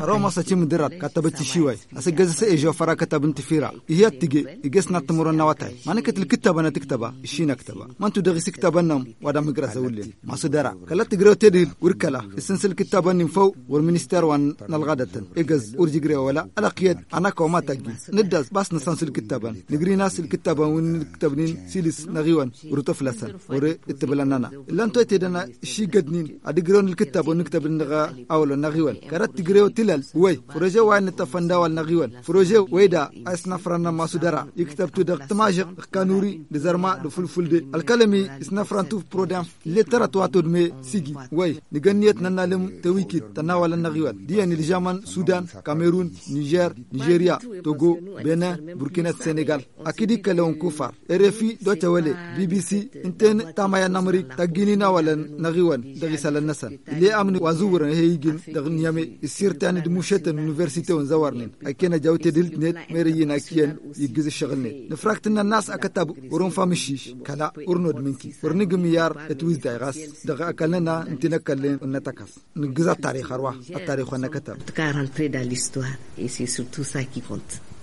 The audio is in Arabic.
roma sacim dirat katabati shiwai asa gaza sa ejo fara katabin tifira iya tige iges na tamuro na watai mana katil kitaba na tiktaba ishi na kitaba man tu dagisi kitaban nam wada migra sa wulle masu dara kala tigre te dir urkala isin sil kitaban nim faw wal minister wan nalgadatan igas urjigre wala ala qiyad ana ko ma tagi niddas bas na san sil kitaban nigri na sil kitaban wun kitabnin silis nagiwan urutaflasan ore itbalanana lan to te dana shi gadnin adigron kitabon tabrindaga awlo nagiwal kara tigrew tilal way proje wa ni tafandawal nagiwal proje wayda asnafrana masudara iktabtu da tamajiq kanuri de zarma de fulfulde alkalami isnafrantu prodam letara to atodme sigi way ni ganiyat nanalem tawikit tanawal nagiwal diyan الجمن السودان كاميرون نيجر نيجيريا توغو بنين بوركينا السنغال اكيد كلون كفار ارفي دوتولي بي بي سي انتن تامايا نمريك تاغينينا ولا نغيوان دغيسال النسل اللي امن وزور هيجن دغنيامي سيرتان دموشت انيفرسيتي اون زوارنين اكينا جاوت ديلت نت مريين اكين يجز الشغل نت نفراكتنا الناس اكتب ورون فامشيش كلا ورنود منكي ورنغم يار اتويز دايغاس دغ اكلنا انتنا كلين ونتاكاس نجز التاريخ اروا التاريخ انا تكارن فريدا ليستوار اي سي سورتو ساكي